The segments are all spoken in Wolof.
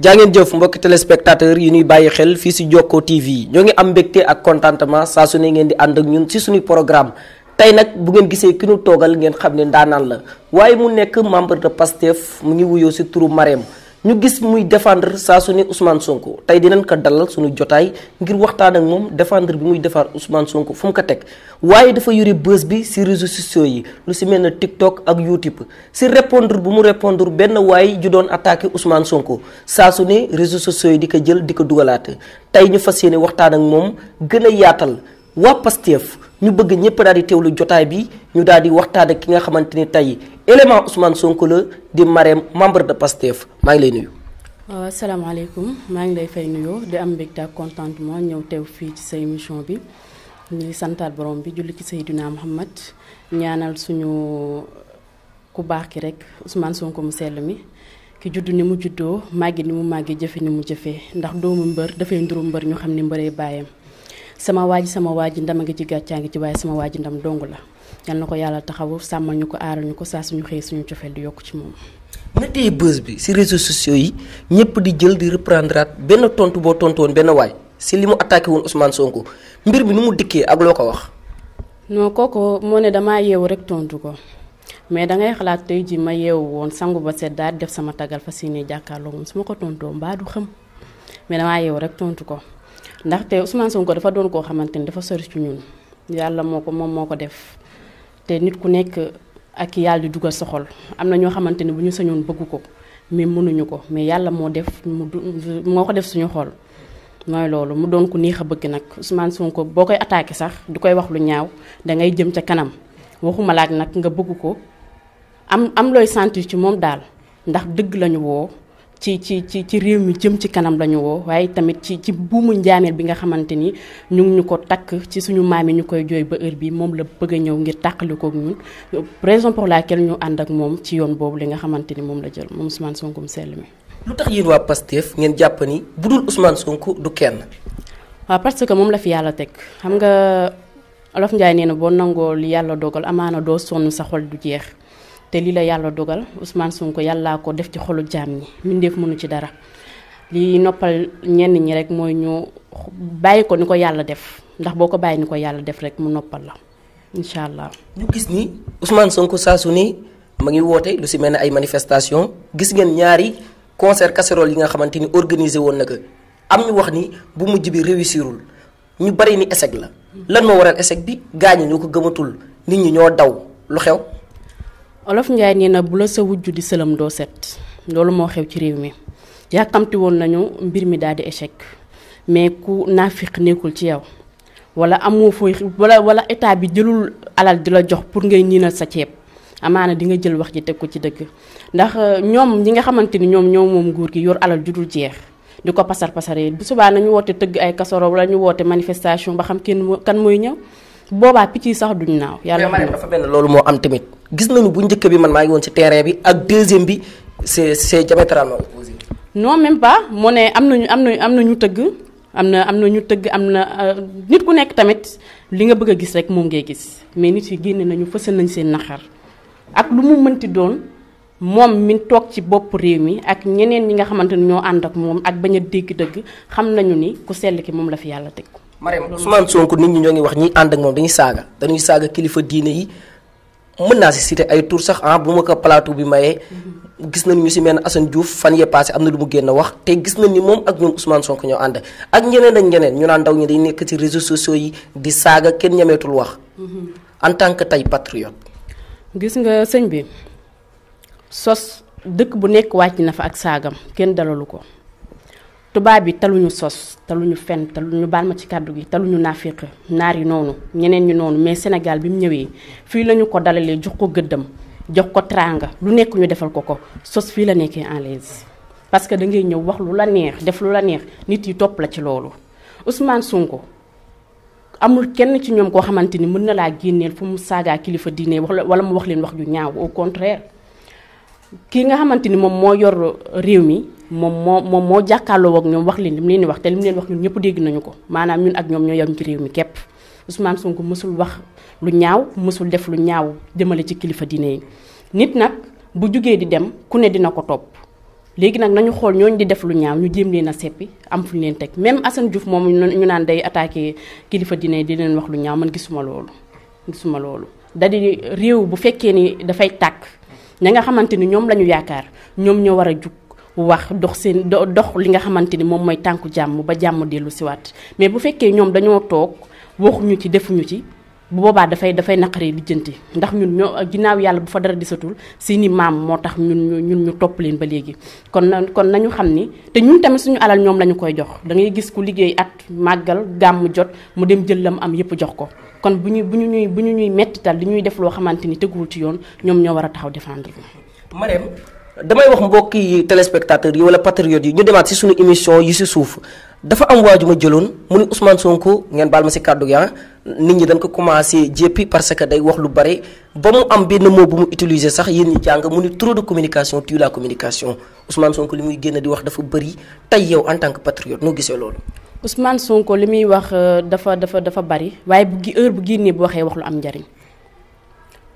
jaa ngeen jëf mbokki téléspectateur yi ñuy bàyyi xel fii si Jokko TV ñoo ngi am mbégte ak contentement saa su ne ngeen di ànd ak ñun ci suñu programme tey nag bu ngeen gisee ki nu toogal ngeen xam ne ndaanaan la waaye mu nekk membre de PASTEF mu ngi wuyoo si turu Marème ñu gis muy défendre saa su ne Ousmane Sonko tey dinañ ko dalal suñu jotaay ngir waxtaan ak moom défendre bi muy defar Ousmane Sonko fu mu ko teg waaye dafa yore bës bi si réseaux sociaux yi lu si mel ne TikTok ak YouTube si répondre bu mu répondre benn waay ju doon attaqué Ousmane Sonko saa su ne réseaux sociaux yi di ko jël di ko dugalaate tey ñu fas yéene waxtaan ak moom gën a yaatal waa Pastef ñu bëgg ñëpp daal di lu jotaay bi ñu daal di waxtaan ki nga xamante ni tey élément Ousmane sonk la di Marème membre de PASTEF maa ngi lay nuyu. waaw asalaamaaleykum maa ngi lay fay nuyoo di am mbégte ak contentement ñëw teew fii ci say émission bi ñu ngi santaat borom bi julli ci Seydina Muhammad ñaanal suñu ku baax ki rek Ousmane sonk mu sell mi. ki judd ni mu juddoo màggi ni mu màggi jëfe ni mu jëfee ndax doomu mbër dafay nduru mbër ñu xam ne mbëree baayam sama waa waaji sama waaji ndam a ngi ci gàccaa ngi ci waaye sama waaji ndam dong la yal ko yàlla taxaw sàmmal ñu ko aaral ñu ko saa suñu xëy suñu cofee di yokk ci moom nga téye buzz bi si réseau sociaux yi ñëpp di jël di reprendre benn tontu boo tontu woon benn waay si li mu attaqué woon Ousmane Sonko mbir bi nu mu dikkee ak loo ko wax non kooku moo ne damaa yeewu rek tontu ko mais da ngay xalaat tey ji ma yeewu woon sangu ba set daal def sama tagal fas yéene jàkkaarloo moom su ko tontoo mbaa xam mais damaa yeewu rek tontu ko ndaxte Ousmane Sonko dafa doon koo xamante ni dafa sori ci ñun yàlla moo ko moom moo ko def te nit ku nekk ak yàlla di dugal sa xol am na ñoo xamante ni bu ñu sañoon bëgg ko mais mënuñu ko mais yàlla moo def mu moo ko def suñu xol. mooy loolu mu doon ko neex a bëgg nag Ousmane Sonko boo koy attaqué sax du koy wax lu ñaaw da ngay jëm ca kanam waxuma laaj nag nga bëgg ko am am looy sentir ci moom daal ndax dëgg lañu woo. ci ci ci ci réew mi jëm ci kanam la woo waaye tamit ci ci buumu njaameel bi nga xamante ni ñu ngi ñu ko takk ci suñu maam yi ñu koy jooy ba heure bi moom la bëgg ñëw ngir tàqali kook ñun raison pour laquelle ñu ànd ak moom ci yoon boobu li nga xamante ni moom la jël moom Ousmane Sonko mu sell mi lu tax yéen waa Pastef ngeen jàpp ni bu dul Ousmane du kenn. waaw parce que moom la fi yàlla teg xam nga olof Ndiaye nee na boo nangoo li yàlla dogal amaana doo sonn sa xol du jeex. te lii la yàlla dogal Ousmane Sonko yàllaa ko def ci xolu jaam ñi mbindeef mënu ci dara lii noppal ñenn ñi rek mooy ñu bàyyi ko ni ko yàlla def ndax boo ko bàyyi ni ko yàlla def rek mu noppal la incha allah. ñu gis ni Ousmane Sonko saa su ni ma ngi woote lu si mel ne ay manifestation gis ngeen ñaari concert casserole yi nga xamante ni organisé woon na ko am ñu wax ni bu mujj bi réussirul ñu bari ni échec la lan moo waral échec bi gaañu ñoo ko gëmatul nit ñi ñoo daw lu xew. olof njaay nee na bu la sa wujj di sëlam doo set loolu moo xew ci réew mi yàkkamti woon nañu mbir mi daal di échec mais ku naafiq nekkul ci yow wala amoo fooy wala wala état bi jëlul alal di la jox pour ngay niinal sa ceeb amaana di nga jël wax ji teg ko ci dëgg ndax euh, ñoom ñi nga xamante ni ñoom ñoo moom nguur gi yor alal ju dul jeex di ko pasar pasaree bu subaa nañu woote tëgg ay kasoro wala ñu woote manifestation ba xam kenn kan mooy ñëw. boobaa picc yi sax duñ naaw. yàlla mais dafa benn loolu moo am tamit gis nañu bu njëkk bi man maa ngi woon ci terrain bi ak deuxième bi c'est c'est diamétralement opposé. non même pas mu ne am na ñu am na am nañu tëgg am na am na ñu tëgg am na euh, nit ku nekk tamit li nga bëgg a gis rek moom ngay gis mais nit yi génne nañu fësal nañ seen naxar ak lu mu mënti doon. moom mi toog ci bopp réew mi ak ñeneen ñi nga xamante ni ñoo ànd ak moom ak bañ a dégg dëgg xam nañu ni ku sell ki moom la fi yàlla teg ko Marème Ousmane sonk nit ñi ñoo ngi wax ñi ànd ak moom dañuy saaga dañuy saaga kilifa diine yi mën naa si citer ay tur sax ah bu ma ko palaatu bi maye gis nañu ñu si mel ne Assane Diouf fan yee passé am na lu mu génn wax te gis nañ ni moom ak ñoom Ousmane Sonko ñoo ànd ak ñeneen ak ñeneen ñu naan ndaw ñi day nekk ci réseau sociaux yi di saaga kenn ñameetul wax mm-hmm. en tant que tey patriote gis nga sëñ bi sos dëkk bu nekk wàcc na fa ak saagam kenn dalalu ko tubaab bi taluñu sos taluñu fen ñu baal ma ci kàddu gi taluñu naafiq naar yi noonu ñeneen ñu noonu mais Sénégal bi mu ñëwee fii la ñu ko dalalee jox ko gëddëm jox ko tranga lu nekk ñu defal ko ko sos fii la nekkee en l'aise parce que da ngay ñëw wax lu la neex def lu la neex nit yi topp la ci loolu Ousmane Sonko amul kenn ci ñoom koo xamante ni mën na laa génneel fu mu saagaa kilifa diine wax wala mu wax leen wax yu ñaaw au contraire kii nga xamante ni moom moo yor réew mi moom moo moom moo jàkkaarloo ak ñoom wax leen li mu leen wax te li mu leen wax ñun ñëpp dégg nañu ko maanaam ñun ak ñoom ñoo yem ci réew mi képp Ousmane wax lu ñaaw mësul def lu ñaaw jëmale ci kilifa diine nit nag bu jugee di dem ku ne dina ko topp léegi nag nañu xool ñooñu di def lu ñaaw ñu jéem leen a seppi am fu leen teg même Assane Diouf moom ñu naan day attaqué kilifa diine yi di leen wax lu ñaaw man gisuma loolu gisuma loolu da réew bu fekkee ni dafay tàkk na nga xamante ni ñoom lañu yaakaar ñoom ñoo war a jug wax dox seen dox li nga xamante ni moom mooy tànku jàmm ba jàmm dellu siwaat mais bu fekkee ñoom dañoo toog waxuñu ci defuñu ci bu boobaa dafay dafay naqaree lijjanti ndax ñun ñoo ginnaaw yàlla bu fa dara disatul ni maam moo tax ñun ñun ñu topp leen ba léegi kon na kon nañu xam ni te ñun tamit suñu alal ñoom lañu koy jox da ngay gis ku liggéey at màggal gàmm jot mu dem jël la am yépp jox ko kon bu ñu bu ñu ñuy bu ñu ñuy mettital li ñuy def loo xamante ni teguwul yoon ñoom ñoo war a taxaw défendre damay wax mbokki téléspectateurs yi wala patriotes yi ñu demaat si suñu émission yi si suuf dafa am waaju ma jëloon mu ni Ousmane Sonko ngeen baal ma si kàddu gi ah, nit ñi dañ ko commencé jéppi parce que day wax lu bare ba mu am benn moo bu mu utiliser sax yéen ñi jàng mu ni trop de communication tue la communication Ousmane Sonko li muy génn di wax dafa bëri tey yow en tant que patriote noo gisee loolu. Ousmane Sonko li muy wax euh, dafa dafa dafa bari waaye bu gi bu génnee bu waxee wax lu am njariñ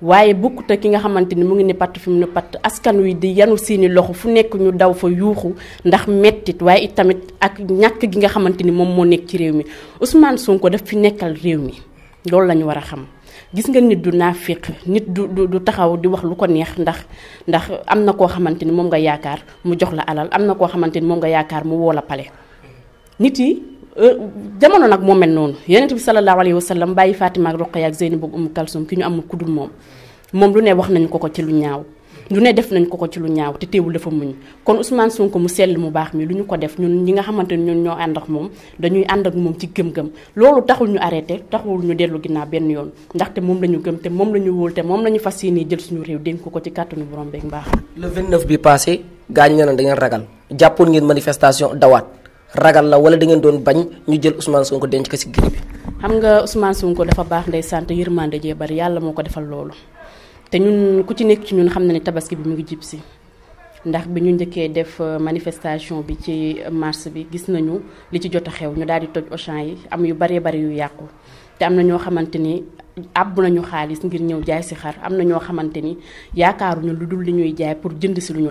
waaye bukkute ki nga xamante ni mu ngi ne patt fi mu ne patt askan wi di yanu seeni loxo fu nekk ñu daw fa yuuxu ndax mettit waaye it tamit ak ñàkk gi nga xamante ni moom moo nekk ci réew mi Ousmane ko def fi nekkal réew mi loolu la ñu war a xam gis nga nit du naafiq nit du du taxaw di wax lu ko neex ndax ndax am na koo xamante ni moom nga yaakaar mu jox la alal am na koo xamante ni moom nga yaakaar mu woo la pale nit yi Euh, jamono nag moom mel noonu yonent bi sallallahu alayhi wa sallam bàyyi Fatima ak Roqaya ak Zeynab ak Umu ki ñu amul kudul moom moom lu ne wax nañ ko ko ci lu ñaaw lu ne def nañ ko ko ci lu ñaaw te teewul dafa muñ kon Ousmane Sonko mu sell mu baax mi lu ñu ko def ñun ñi nga xamante ne ñun ñoo ànd ak moom dañuy ànd ak moom ci gëm-gëm loolu taxul ñu arrêté taxul ñu dellu ginnaaw benn yoon ndaxte moom la gëm te moom la ñu wóol te moom la ñu fas yéene jël suñu réew dénk ko ko ci kàttanu borom beeg mbaax le 29 bi passé gaañ nga naan da ngeen ragal ragal la wala da ngeen doon bañ ñu jël Ousmane Sonko denc ko si giri bi. xam nga Ousmane Sonko dafa baax ndey sant yërmande jee bari yàlla moo ko defal loolu te ñun ku ci nekk ci ñun xam na ne tabaski bi mu ngi jib si ndax bi ñu njëkkee def euh, manifestation bi ci euh, mars bi gis nañu li ci jot a xew ñu daal di toj Auchan yi am yu baree bari yu yàqu te am na ñoo xamante ni àbb nañu xaalis ngir ñëw jaay si xar am na ñoo xamante ni ñu lu dul li ñuy jaay pour jënd si lu ñu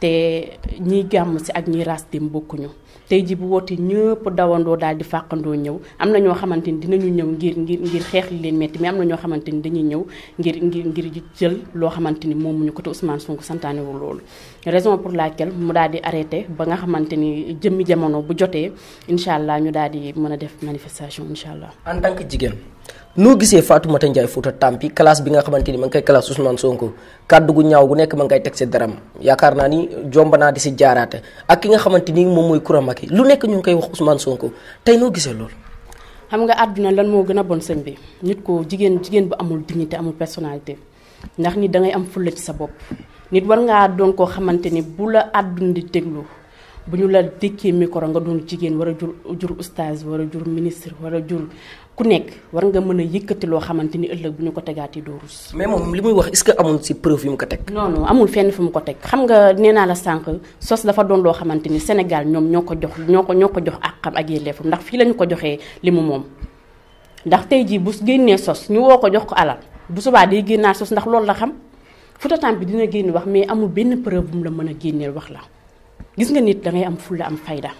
te ñiy gàmm si ak ñii raas bokkuñu tey ji bu wootee ñëpp dawandoo daal di fàqandoo ñëw am na ñoo xamante ni dinañu ñëw ngir ngir ngir xeex li leen metti mais am na ñoo xamante ni dañuy ñëw ngir ngir ngir jël loo xamante ni moom ñu ko te Ousmane Sonko santaanewul loolu raison pour laquelle daal di arrêté ba nga xamante ni jëmmi jamono bu jotee incha allah ñu daal di mën a def manifestation incha allah. en tant que jigéen noo gisee Fatoumata Ndiaye Fouta Tampi classe bi nga xamante ni ma ngi koy classe Ousmane Sonko kàddu gu ñaaw gu ma ngi koy teg sa daram yaakaar naa ni moom mooy kuram Macky lu nekk ñu ngi koy wax Ousmane Sonko tey noo gisee loolu. xam nga àdduna lan moo gën a bon sëñ bi nit ko jigéen jigéen bu amul dignité amul personnalité ndax nit dangay am fulla ci sa bopp nit war ngaa doon koo xamante ni bu la àdduna di déglu. bu ñu la dékkee micro nga doon jigéen war a jur jur oustaz war a jur ministre war a jur ku nekk war nga mën a yëkkati loo xamante ni ëllëg bu ñu ko tegaati doo rus. mais moom li muy wax est-ce que amul ci preuve yu mu ko teg. non amul fenn fu mu ko teg xam nga nee naa la sànq sos dafa doon loo xamante ni Sénégal ñoom ñoo ko jox ñoo ko ñoo ko jox ak xam ak yelleefam ndax fii la ñu ko joxee li mu moom. ndax tey jii bu génnee sos ñu woo ko jox ko alal bu subaa day génnaa sos ndax loolu la xam Fouta bi dina génn wax mais amul benn preuve bu mu la mën a génneel wax la gis nga nit da ngay am fulla am fayda.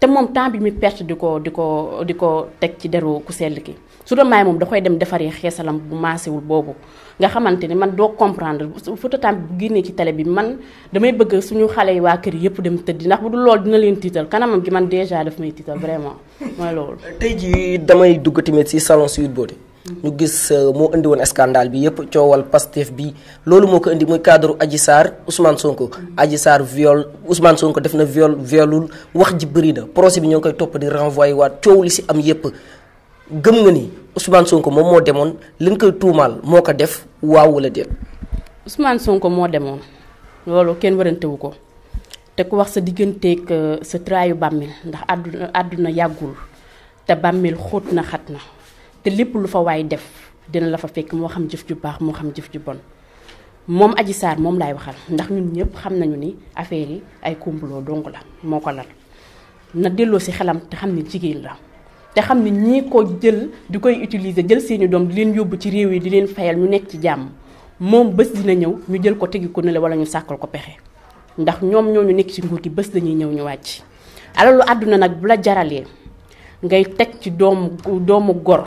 te moom temps bi mu perte di ko di ko di ko teg ci deru ku sell ki su doon maay moom da koy dem defari xeesalam bu maasewul boobu nga xamante ne man doo comprendre photo temps bi bu génnee ci télé bi man damay bëgg suñu xale yi waa kër yëpp dem tëdd ndax bu dul loolu dina leen tiital kanamam gi man déjà daf may tiital vraiment mooy loolu. tey jii damay dugg tamit si salon Sweet Beauté ñu gis euh, moo indi woon scandale bi yëpp coowal Pastef bi loolu moo ko indi muy cadre Adji Sarr Ousmane Sonko. Adji Sarr viol Ousmane Sonko def na viol violul wax ji bëri na procès bi ñoo ngi koy topp di renvoyé waat coow li si am yëpp. gëm nga ni Ousmane Sonko moom moo demoon li nga koy tuumaal moo ko def waaw wala déet. Ousmane Sonko moo demoon loolu kenn warantewu ko te ku wax sa digganteeg euh, sa traayu bàmmeel ndax àdduna yàggul te bàmmeel xóot na xat na. te lépp lu fa waay def dina la fa fekk moo xam jëf ju baax moo xam jëf ju bon moom aji saar moom laay waxal ndax ñun ñëpp xam nañu ni affaire yi ay complot dong la moo ko lal na delloo si xelam te xam ne jigéen la te xam ne ñii ko jël di koy utiliser jël seeni doom di leen yóbbu ci réew yi di leen fayal ñu nekk ci jàmm moom bés dina ñëw ñu jël ko tegi ko ne la wala ñu sàkkal ko pexe ndax ñoom ñoo ñu nekk ci nguur gi bés dañuy ñëw ñu wàcc alalu àdduna nag bu la jaralee ngay teg ci doomu gor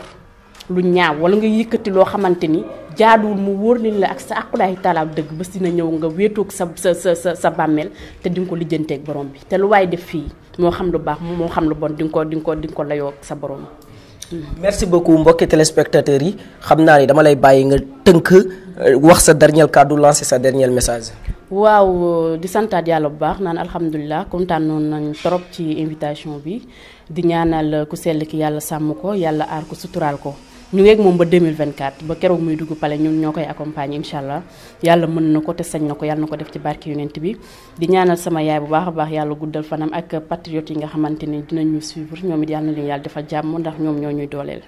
lu ñaaw wala nga yëkkati loo xamante ni jaaduwul mu wóor leen la ak sa aqulaayi taalaam dëgg bés na ñëw nga wéetoog sa sa sa sa sa bàmmeel te di nga ko lijjanteeg borom bi te lu waaye def fii moo xam lu baax moo xam lu bon dinga nga ko di nga ko di ko layoo sa borom. merci beaucoup mbokki téléspectateurs yi xam naa ni dama lay bàyyi nga tënk euh, wax sa dernier kàddu lancer sa dernier message. waaw di santaat yàlla bu baax naan alhamdulilah kontaan noonu nañ trop ci invitation bi di ñaanal ku sell ki yàlla sàmm ko yàlla aar ko suturaal ko. ñu ngeeg moom ba 2024 ba keroog muy dugg pale ñun ñoo koy accompagner incha allah yàlla mën na ko te sañ na ko yàlla na ko def ci barke yonent bi di ñaanal sama yaay bu baax a baax yàlla guddal fanam ak patriote yi nga xamante ni dinañu suivre ñoom it yàlla na leen yàlla defal jàmm ndax ñoom ñoo ñuy dooleel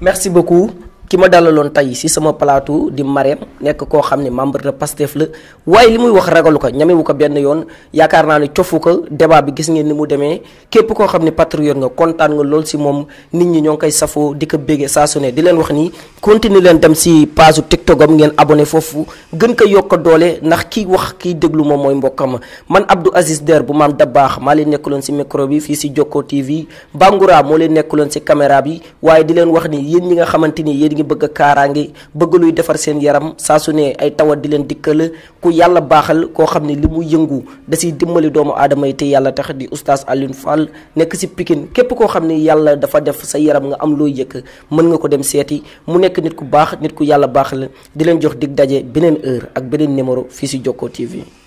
merci beaucoup ki ma dalaloon tey si sama plateau di Marème nekk koo xam ne membre de Pastef la waaye li muy wax ragalu ko ñamewu ko benn yoon yaakaar naa ne cofu ko débat bi gis ngeen ni mu demee képp koo xam ne patriote nga kontaan nga lool si moom nit ñi ñoo ngi koy safoo di ko béggee saa su ne di leen wax ni continue leen dem si page TikTok am ngeen abonné foofu gën ko yokk doole ndax kiy wax kiy déglu moom mooy mbokkam ma man Abdou Aziz Der bu maam Dabaax maa leen nekkuloon si micro bi fii si Jokko TV Bangoura moo leen nekkuloon si caméra bi waaye di bëgg a kaaraange bëgg luy defar seen yaram saa su ne ay tawat di leen dikkal ku yàlla baaxal koo xam ne li mu yëngu da siy dimbali doomu aadama yi te yàlla tax di oustaz Alioune Fall nekk si Pikine képp koo xam ne yàlla dafa def sa yaram nga am loo yëkk mën nga ko dem seeti mu nekk nit ku baax nit ku yàlla baaxal di leen jox dig daje beneen heure ak beneen numéro fii si Jokko TV